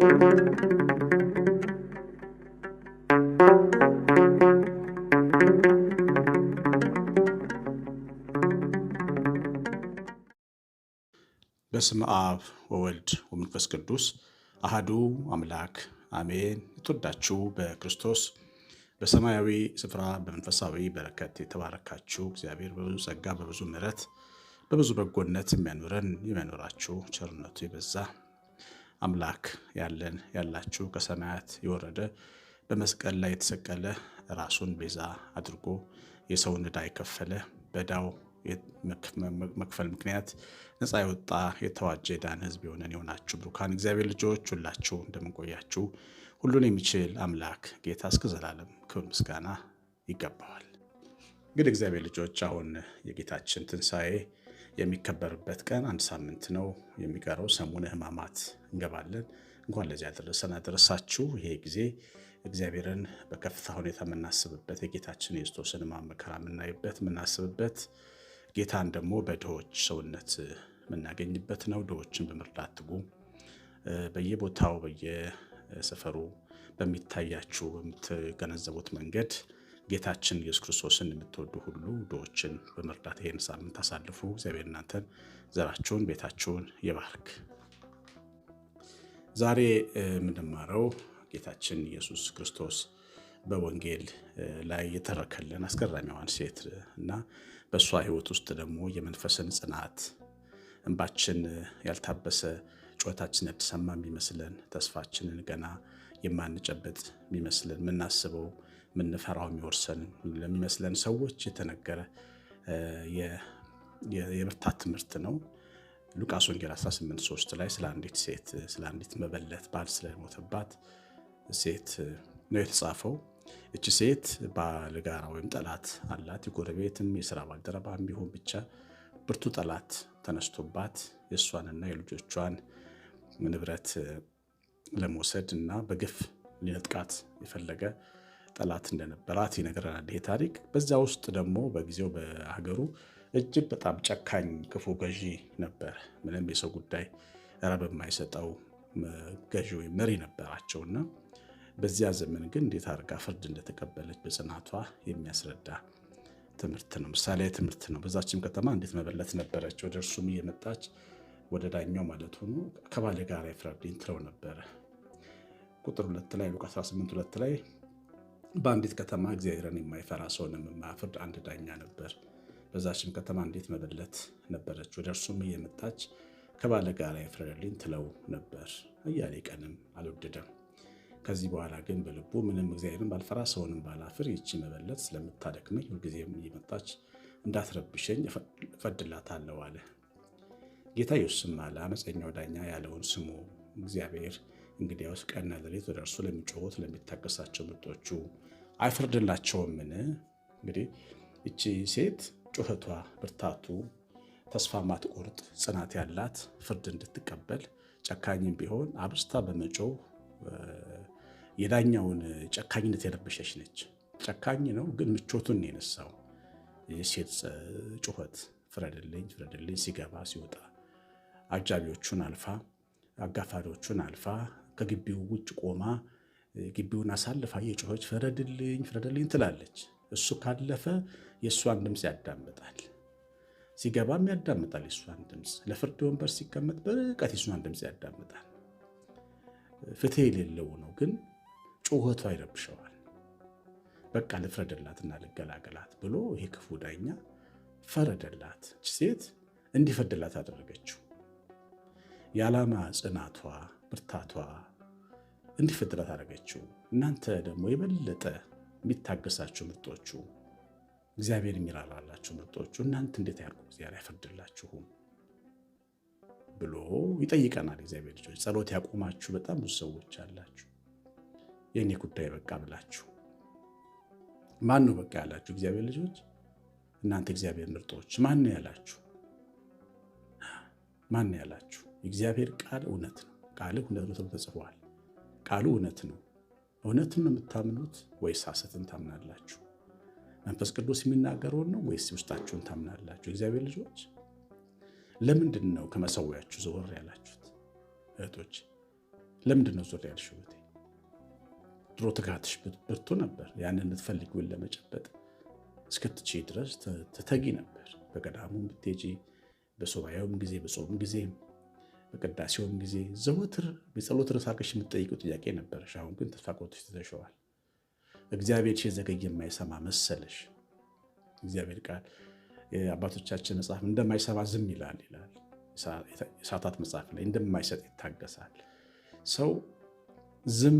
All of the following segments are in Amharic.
በስም አብ ወወልድ ወመንፈስ ቅዱስ አህዱ አምላክ አሜን። የተወዳችሁ በክርስቶስ በሰማያዊ ስፍራ በመንፈሳዊ በረከት የተባረካችሁ እግዚአብሔር በብዙ ጸጋ በብዙ ምሕረት በብዙ በጎነት የሚያኖረን የሚያኖራችሁ ቸርነቱ የበዛ አምላክ ያለን ያላችሁ ከሰማያት የወረደ በመስቀል ላይ የተሰቀለ ራሱን ቤዛ አድርጎ የሰውን ዕዳ የከፈለ በዳው መክፈል ምክንያት ነፃ የወጣ የተዋጀ የዳን ህዝብ የሆነን የሆናችሁ ብሩካን እግዚአብሔር ልጆች ሁላችሁ እንደምንቆያችሁ ሁሉን የሚችል አምላክ ጌታ እስከ ዘላለም ክብር ምስጋና ይገባዋል። እንግዲህ እግዚአብሔር ልጆች አሁን የጌታችን ትንሣኤ የሚከበርበት ቀን አንድ ሳምንት ነው የሚቀረው። ሰሙነ ሕማማት እንገባለን። እንኳን ለዚያ አደረሰን አደረሳችሁ። ይሄ ጊዜ እግዚአብሔርን በከፍታ ሁኔታ የምናስብበት የጌታችን የክርስቶስን ሕማም መከራ የምናይበት የምናስብበት፣ ጌታን ደግሞ በድሆች ሰውነት የምናገኝበት ነው። ድሆችን በመርዳት ትጉ። በየቦታው በየሰፈሩ በሚታያችሁ በምትገነዘቡት መንገድ ጌታችን ኢየሱስ ክርስቶስን የምትወዱ ሁሉ ድሆችን በመርዳት ይሄን ሳምንት አሳልፉ። እግዚአብሔር እናንተን፣ ዘራችሁን፣ ቤታችሁን ይባርክ። ዛሬ የምንማረው ጌታችን ኢየሱስ ክርስቶስ በወንጌል ላይ የተረከልን አስገራሚዋን ሴት እና በእሷ ሕይወት ውስጥ ደግሞ የመንፈስን ጽናት እንባችን ያልታበሰ ጩኸታችን ያልተሰማ የሚመስለን ተስፋችንን ገና የማንጨበጥ የሚመስለን የምናስበው የምንፈራው የሚወርሰን ለሚመስለን ሰዎች የተነገረ የብርታት ትምህርት ነው። ሉቃስ ወንጌል 18፥3 ላይ ስለ አንዲት ሴት ስለ አንዲት መበለት ባል ስለሞተባት ሴት ነው የተጻፈው። እች ሴት ባልጋራ ወይም ጠላት አላት። የጎረቤትም የስራ ባልደረባ ቢሆን ብቻ ብርቱ ጠላት ተነስቶባት የእሷንና የልጆቿን ንብረት ለመውሰድ እና በግፍ ሊነጥቃት የፈለገ ጠላት እንደነበራት ይነግረናል ይሄ ታሪክ። በዚያ ውስጥ ደግሞ በጊዜው በሀገሩ እጅግ በጣም ጨካኝ ክፉ ገዢ ነበር። ምንም የሰው ጉዳይ ረብ የማይሰጠው ገዢ ወይም መሪ ነበራቸው እና በዚያ ዘመን ግን እንዴት አድርጋ ፍርድ እንደተቀበለች በጽናቷ የሚያስረዳ ትምህርት ነው። ምሳሌ ትምህርት ነው። በዛችም ከተማ እንዴት መበለት ነበረች። ወደ እርሱም እየመጣች ወደ ዳኛው ማለት ሆኖ ከባለ ጋር ፍረድኝ ትለው ነበረ። ቁጥር ሁለት ላይ ሉቃስ 18 ሁለት ላይ በአንዲት ከተማ እግዚአብሔርን የማይፈራ ሰውንም የማያፍርድ አንድ ዳኛ ነበር። በዛችም ከተማ እንዴት መበለት ነበረች። ወደ እርሱም እየመጣች ከባለ ጋር ይፍረድልኝ ትለው ነበር። እያሌ ቀንም አልወደደም። ከዚህ በኋላ ግን በልቡ ምንም እግዚአብሔርን ባልፈራ ሰውንም ባላፍር ይቺ መበለት ስለምታደክመኝ ሁልጊዜም እየመጣች እንዳትረብሸኝ እፈድላታለሁ አለ። ጌታ ኢየሱስም አለ፣ አመፀኛው ዳኛ ያለውን ስሙ። እግዚአብሔር እንግዲያውስ ቀንና ሌሊት ወደ እርሱ ለሚጮሁት ለሚታገሳቸው ምርጦቹ አይፈርድላቸውምን? እንግዲህ እቺ ሴት ጩኸቷ፣ ብርታቱ፣ ተስፋ ማትቆርጥ ጽናት ያላት ፍርድ እንድትቀበል ጨካኝም ቢሆን አብስታ በመጮህ የዳኛውን ጨካኝነት የለበሸች ነች። ጨካኝ ነው፣ ግን ምቾቱን የነሳው የሴት ጩኸት ፍረድልኝ ፍረድልኝ ሲገባ ሲወጣ አጃቢዎቹን አልፋ አጋፋሪዎቹን አልፋ ከግቢው ውጭ ቆማ ግቢውን አሳልፋ የጮኸች ፍረድልኝ ፍረድልኝ ትላለች። እሱ ካለፈ የእሷን ድምፅ ያዳምጣል። ሲገባም ያዳምጣል የእሷን ድምፅ። ለፍርድ ወንበር ሲቀመጥ በርቀት የእሷን ድምፅ ያዳምጣል። ፍትህ የሌለው ነው፣ ግን ጩኸቷ ይረብሸዋል። በቃ ልፍረድላትና ልገላገላት ብሎ ይሄ ክፉ ዳኛ ፈረደላት። ሴት እንዲፈርድላት አደረገችው። የዓላማ ጽናቷ ብርታቷ እንዲፈጠር አደረገችው። እናንተ ደግሞ የበለጠ የሚታገሳችሁ ምርጦቹ፣ እግዚአብሔር የሚራራላችሁ ምርጦቹ እናንተ እንዴት ያርጉ እግዚአብሔር አይፈርድላችሁም ብሎ ይጠይቀናል። እግዚአብሔር ልጆች ጸሎት ያቆማችሁ በጣም ብዙ ሰዎች አላችሁ። የእኔ ጉዳይ በቃ ብላችሁ ማን ነው በቃ ያላችሁ? እግዚአብሔር ልጆች እናንተ እግዚአብሔር ምርጦች ማን ነው ያላችሁ? ማን ነው ያላችሁ? የእግዚአብሔር ቃል እውነት ነው። ቃል እውነት ነው ተጽፏል። ቃሉ እውነት ነው። እውነትን ነው የምታምኑት ወይስ ሐሰትን ታምናላችሁ? መንፈስ ቅዱስ የሚናገረውን ነው ወይስ ውስጣችሁን ታምናላችሁ? እግዚአብሔር ልጆች ለምንድን ነው ከመሰዊያችሁ ዘወር ያላችሁት? እህቶች ለምንድን ነው ዞር ያልሽ? ድሮ ትጋትሽ ብርቱ ነበር። ያንን ልትፈልጊውን ለመጨበጥ እስክትች ድረስ ትተጊ ነበር። በገዳሙም ብትሄጂ፣ በሱባኤውም ጊዜ፣ በጾም ጊዜ በቅዳሴውም ጊዜ ዘወትር በጸሎት ርሳቅሽ የምትጠይቁ ጥያቄ ነበረሽ። አሁን ግን ተስፋ ቆርጠሽ ትተሽዋል። እግዚአብሔር ሲዘገይ የማይሰማ መሰለሽ። እግዚአብሔር ቃል የአባቶቻችን መጽሐፍ እንደማይሰማ ዝም ይላል ይላል። የሳታት መጽሐፍ ላይ እንደማይሰጥ ይታገሳል። ሰው ዝም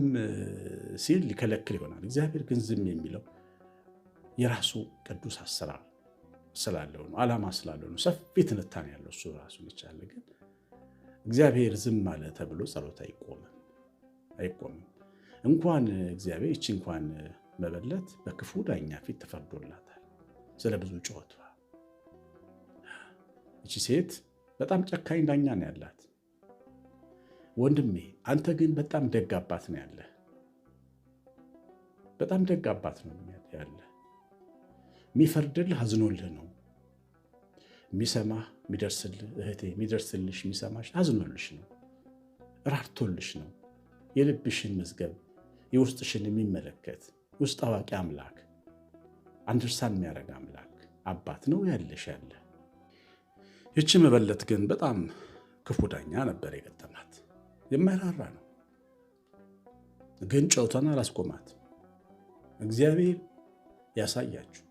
ሲል ሊከለክል ይሆናል። እግዚአብሔር ግን ዝም የሚለው የራሱ ቅዱስ አሰራር ስላለው ነው። አላማ ስላለው ነው። ሰፊ ትንታኔ ያለው እሱ ራሱን ይቻለ ግን እግዚአብሔር ዝም አለ ተብሎ ጸሎት አይቆምም አይቆምም። እንኳን እግዚአብሔር ይቺ እንኳን መበለት በክፉ ዳኛ ፊት ተፈርዶላታል። ስለ ብዙ ጩኸቷ እቺ ሴት በጣም ጨካኝ ዳኛ ነው ያላት። ወንድሜ አንተ ግን በጣም ደግ አባት ነው ያለ፣ በጣም ደግ አባት ነው ያለ። የሚፈርድልህ አዝኖልህ ነው የሚሰማህ የሚደርስልህ የሚደርስልሽ የሚሰማሽ አዝኖልሽ ነው፣ ራርቶልሽ ነው። የልብሽን መዝገብ የውስጥሽን የሚመለከት ውስጥ አዋቂ አምላክ አንደርስታንድ የሚያደርግ አምላክ አባት ነው ያለሽ ያለ። ይቺ መበለት ግን በጣም ክፉ ዳኛ ነበር የገጠማት። የማይራራ ነው ግን ጨውቷን አላስቆማት። እግዚአብሔር ያሳያችሁ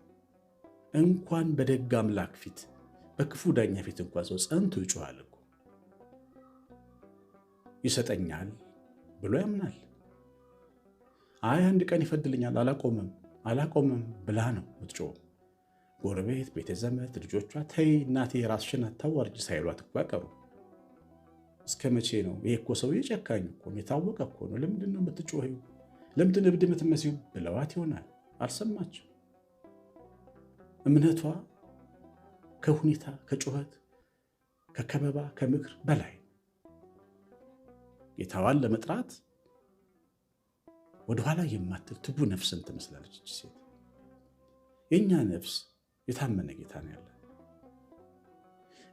እንኳን በደግ አምላክ ፊት በክፉ ዳኛ ፊት እንኳ ሰው ጸንቶ ይጮኋል እኮ ይሰጠኛል ብሎ ያምናል። አይ አንድ ቀን ይፈድልኛል አላቆምም አላቆምም ብላ ነው ምትጮ ጎረቤት፣ ቤተ ልጆቿ ተይ እናቴ ራስሽን አታዋርጅ ሳይሏት እኮ እስከ መቼ ነው? ይሄ እኮ ሰውዬ ጨካኝ እኮ የታወቀ እኮ ነው። ለምንድን ነው የምትጮኸው? ለምንድን እብድ የምትመሲው ብለዋት ይሆናል። አልሰማችም እምነቷ ከሁኔታ ከጩኸት ከከበባ ከምክር በላይ ጌታዋን ለመጥራት ወደኋላ የማትል ትጉ ነፍስን ትመስላለች እች ሴት። የእኛ ነፍስ የታመነ ጌታ ነው ያለ።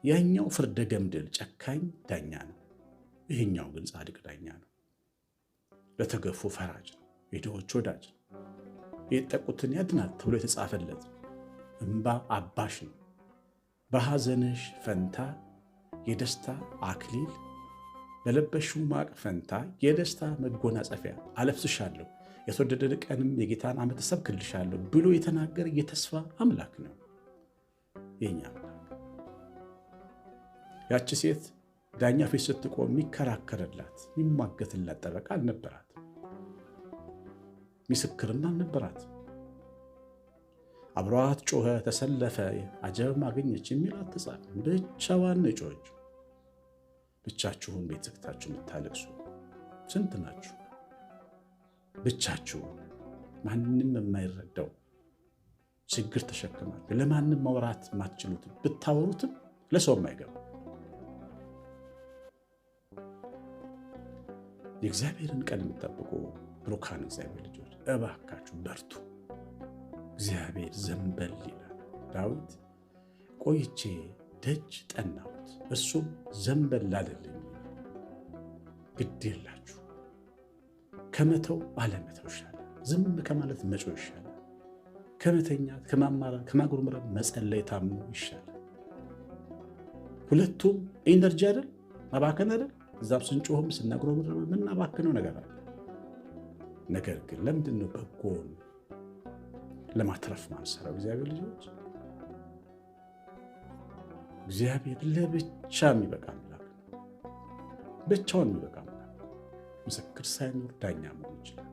ያኛው ፍርደ ገምድል ጨካኝ ዳኛ ነው፣ ይህኛው ግን ጻድቅ ዳኛ ነው። ለተገፉ ፈራጅ ነው፣ የድሆች ወዳጅ ነው፣ የጠቁትን ያድናል ተብሎ የተጻፈለት እምባ አባሽ ነው። በሐዘንሽ ፈንታ የደስታ አክሊል በለበሽው ማቅ ፈንታ የደስታ መጎናጸፊያ አለብስሻለሁ፣ የተወደደ ቀንም የጌታን ዓመት እሰብክልሻለሁ ብሎ የተናገረ የተስፋ አምላክ ነው የኛ አምላክ። ያቺ ሴት ዳኛ ፊት ስትቆም የሚከራከርላት የሚሟገትላት ጠበቃ አልነበራት፣ ምስክርም አልነበራት። አብሯት ጮኸ፣ ተሰለፈ፣ አጀብም አገኘች የሚል አትጻፍ። ብቻዋን ጮች። ብቻችሁን ቤት ዘግታችሁ የምታለቅሱ ስንት ናችሁ? ብቻችሁ ማንም የማይረዳው ችግር ተሸክማችሁ ለማንም ማውራት የማትችሉት ብታወሩትም ለሰው የማይገባ የእግዚአብሔርን ቀን የምጠብቁ ብሩካን እግዚአብሔር ልጆች እባካችሁ በርቱ። እግዚአብሔር ዘንበል ይላል። ዳዊት ቆይቼ ደጅ ጠናሁት፣ እሱም ዘንበል አለልኝ። ግድ የላችሁ ከመተው አለመተው ይሻላል። ዝም ከማለት መጮ ይሻላል። ከመተኛት ከማማራ ከማጉርምረ መጸለይ ታምኖ ይሻላል። ሁለቱም ኢነርጂ አይደል ማባከን አይደል እዛም ስንጮህም ስናጉረምረም የምናባክነው ነገር አለ። ነገር ግን ለምንድን ነው በጎን ለማትረፍ ነው አንሰራው። እግዚአብሔር ልጆች፣ እግዚአብሔር ለብቻ የሚበቃ አምላክ ብቻውን የሚበቃ አምላክ ምስክር ሳይኖር ዳኛ መሆን ይችላል።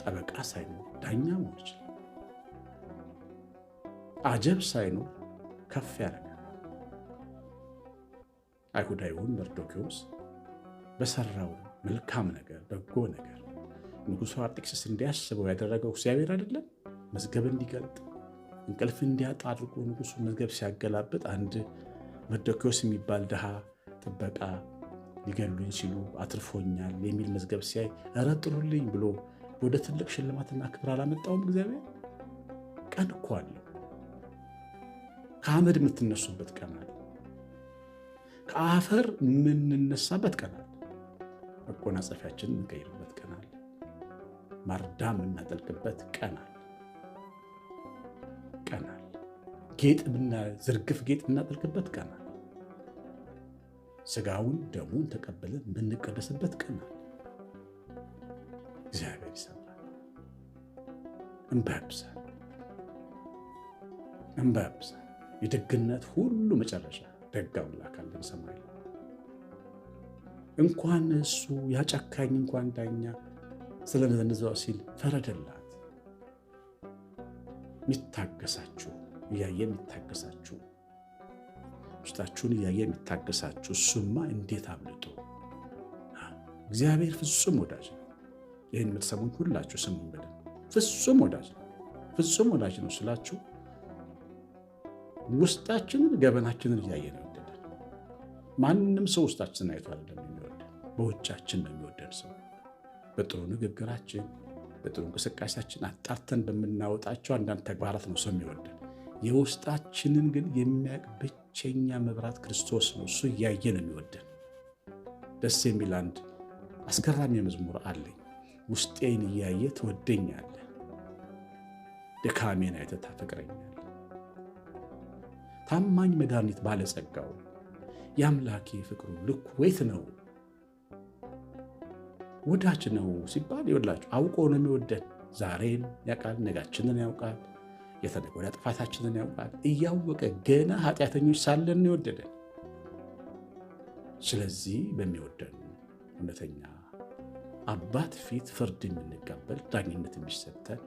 ጠበቃ ሳይኖር ዳኛ መሆን ይችላል። አጀብ ሳይኖር ከፍ ያደርጋል። አይሁዳዊውን መርዶኪዎስ በሰራው መልካም ነገር፣ በጎ ነገር ንጉሱ አርጤክስስ እንዲያስበው ያደረገው እግዚአብሔር አይደለም? መዝገብ እንዲገልጥ እንቅልፍ እንዲያጣ አድርጎ ንጉሱ መዝገብ ሲያገላብጥ አንድ መደኪዎስ የሚባል ድሃ ጥበቃ ሊገሉኝ ሲሉ አትርፎኛል የሚል መዝገብ ሲያይ እረ ጥሩልኝ ብሎ ወደ ትልቅ ሽልማትና ክብር አላመጣውም እግዚአብሔር። ቀን እኮ ከአመድ የምትነሱበት ቀን አለ። ከአፈር የምንነሳበት ቀን አለ። መጎናጸፊያችንን የምንቀይርበት ቀን አለ። ማርዳ የምናጠልቅበት ቀን አለ። ጌጥ ዝርግፍ ጌጥ የምናጠልቅበት ቀን አለ። ስጋውን ደሙን ተቀብለን የምንቀደስበት ቀን አለ። እግዚአብሔር ይሰማል። እንባ ያብሳል፣ እንባ ያብሳል። የደግነት ሁሉ መጨረሻ ደግ አምላክ አለን። ሰማይ እንኳን እሱ ያጨካኝ እንኳን ዳኛ ስለነዘነዘው ሲል ፈረደላት። የሚታገሳችሁ እያየ የሚታገሳችሁ ውስጣችሁን እያየ የሚታገሳችሁ እሱማ እንዴት አብልጦ እግዚአብሔር ፍጹም ወዳጅ ነው። ይህን የምትሰሙን ሁላችሁ ስሙን ብለን ፍጹም ወዳጅ ነው። ፍጹም ወዳጅ ነው ስላችሁ ውስጣችንን ገበናችንን እያየ ነው ይወደዳል። ማንም ሰው ውስጣችንን አይቶ አይደለም የሚወደ በውጫችን ነው የሚወደድ ሰው። በጥሩ ንግግራችን፣ በጥሩ እንቅስቃሴያችን አጣርተን በምናወጣቸው አንዳንድ ተግባራት ነው ሰው የሚወደን። የውስጣችንን ግን የሚያውቅ ብቸኛ መብራት ክርስቶስ ነው። እሱ እያየ ነው የሚወደን። ደስ የሚል አንድ አስገራሚ መዝሙር አለኝ። ውስጤን እያየ ትወደኛለህ፣ ድካሜን አይተህ ታፈቅረኛለህ። ታማኝ መድኃኒት ባለጸጋው የአምላኬ ፍቅሩ ልኩ ወይት ነው? ወዳጅ ነው ሲባል ይወላችሁ አውቆ ነው የሚወደን። ዛሬን ያውቃል፣ ነጋችንን ያውቃል የተነጎዳ ጥፋታችንን ያውቃል። እያወቀ ገና ኃጢአተኞች ሳለን ይወደደን። ስለዚህ በሚወደን እውነተኛ አባት ፊት ፍርድ የምንቀበል ዳኝነት የሚሰጠን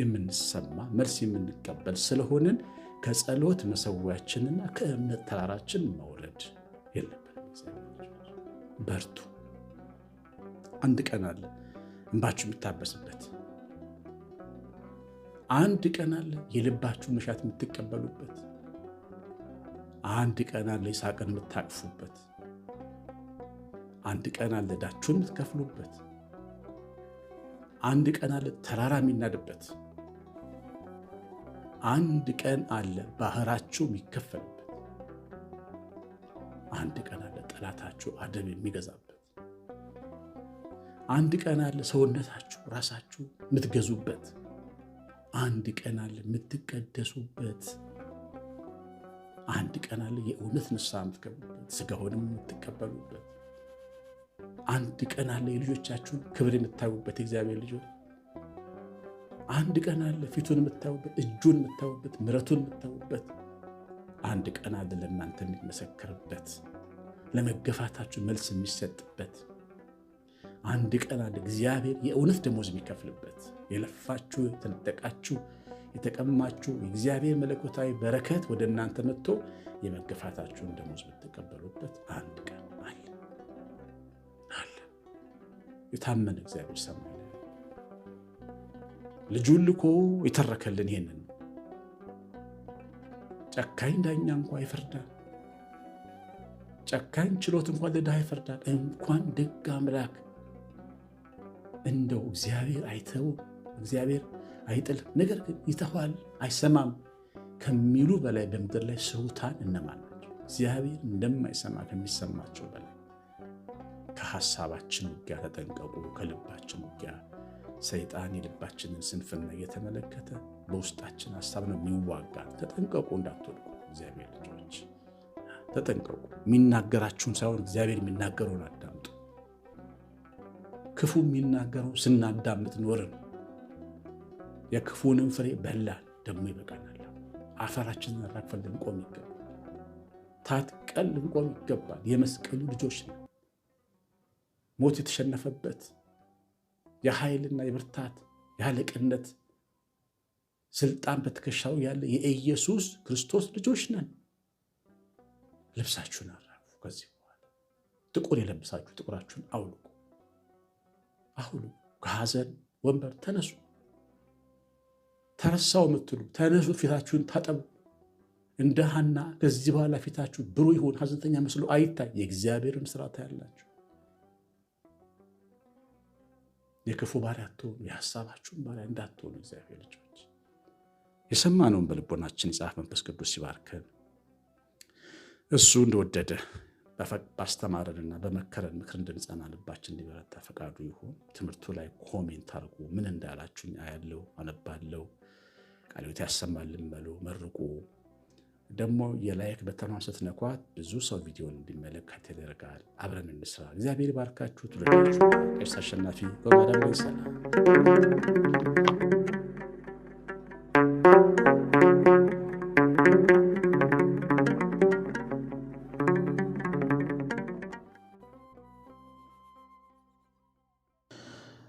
የምንሰማ መልስ የምንቀበል ስለሆንን ከጸሎት መሰዊያችንና ከእምነት ተራራችን መውረድ የለብንም። በርቱ። አንድ ቀን አለ እንባችሁ የሚታበስበት አንድ ቀን አለ የልባችሁ መሻት የምትቀበሉበት፣ አንድ ቀን አለ ይሳቅን የምታቅፉበት፣ አንድ ቀን አለ ዕዳችሁን የምትከፍሉበት፣ አንድ ቀን አለ ተራራ የሚናድበት፣ አንድ ቀን አለ ባህራችሁ የሚከፈልበት፣ አንድ ቀን አለ ጠላታችሁ አደብ የሚገዛበት፣ አንድ ቀን አለ ሰውነታችሁ ራሳችሁ የምትገዙበት አንድ ቀን አለ የምትቀደሱበት፣ አንድ ቀን አለ የእውነት ንስሐ የምትገቡበት፣ ስጋሆንም የምትቀበሉበት፣ አንድ ቀን አለ የልጆቻችሁን ክብር የምታዩበት፣ የእግዚአብሔር ልጆች አንድ ቀን አለ ፊቱን የምታዩበት፣ እጁን የምታዩበት፣ ምረቱን የምታዩበት፣ አንድ ቀን አለ ለእናንተ የሚመሰክርበት፣ ለመገፋታችሁ መልስ የሚሰጥበት አንድ ቀን አንድ እግዚአብሔር የእውነት ደሞዝ የሚከፍልበት የለፋችሁ፣ የተነጠቃችሁ፣ የተቀማችሁ የእግዚአብሔር መለኮታዊ በረከት ወደ እናንተ መጥቶ የመገፋታችሁን ደሞዝ የምትቀበሉበት አንድ ቀን አለ አለ። የታመነ እግዚአብሔር ሰማ ልጁን ልኮ የተረከልን ይሄንን ጨካኝ ዳኛ እንኳ ይፈርዳል። ጨካኝ ችሎት እንኳን ለድሃ ይፈርዳል። እንኳን ደግ አምላክ እንደው እግዚአብሔር አይተው እግዚአብሔር አይጥልም፣ ነገር ግን ይተዋል አይሰማም ከሚሉ በላይ በምድር ላይ ስሁታን እነማን ናቸው? እግዚአብሔር እንደማይሰማ ከሚሰማቸው በላይ ከሀሳባችን ውጊያ ተጠንቀቁ። ከልባችን ውጊያ ሰይጣን የልባችንን ስንፍና እየተመለከተ በውስጣችን ሀሳብ ነው የሚዋጋ። ተጠንቀቁ እንዳትወድቁ። እግዚአብሔር ልጆች ተጠንቀቁ። የሚናገራችሁን ሳይሆን እግዚአብሔር የሚናገረውን ክፉ የሚናገረው ስናዳምጥ ኖርን። የክፉንም ፍሬ በላን፣ ደግሞ ይበቃናል። አፈራችንን አራግፈን ልንቆም ይገባል። ታጥቀን ልንቆም ይገባል። የመስቀሉ ልጆች ነው። ሞት የተሸነፈበት የኃይልና የብርታት የአለቅነት ስልጣን በትከሻው ያለ የኢየሱስ ክርስቶስ ልጆች ነን። ልብሳችሁን አራፉ። ከዚህ በኋላ ጥቁር የለብሳችሁ ጥቁራችሁን አውልቁ። አሁኑ ከሐዘን ወንበር ተነሱ። ተረሳው የምትሉ ተነሱ፣ ፊታችሁን ታጠቡ። እንደ ሐና ከዚህ በኋላ ፊታችሁ ብሩህ ይሁን፣ ሐዘንተኛ መስሎ አይታይ። የእግዚአብሔርን ስራ ታያላችሁ። የክፉ ባሪያ አትሆኑ፣ የሐሳባችሁን ባሪያ እንዳትሆኑ። እግዚአብሔር ልጆች የሰማነውን በልቦናችን የጻፍ መንፈስ ቅዱስ ይባርከን። እሱ እንደወደደ ባስተማረንና በመከረን ምክር እንድንጸና ልባችን እንዲበረታ ፈቃዱ ይሁን። ትምህርቱ ላይ ኮሜንት አድርጉ። ምን እንዳላችሁኝ አያለው፣ አነባለው። ቃልዮት ያሰማልን በሉ፣ መርቁ። ደግሞ የላይክ በተኗን ስትነኳት ብዙ ሰው ቪዲዮን እንዲመለከት ያደርጋል። አብረን እንስራ። እግዚአብሔር ባርካችሁ። ቱለች ቀሲስ አሸናፊ በማዳም ሰላም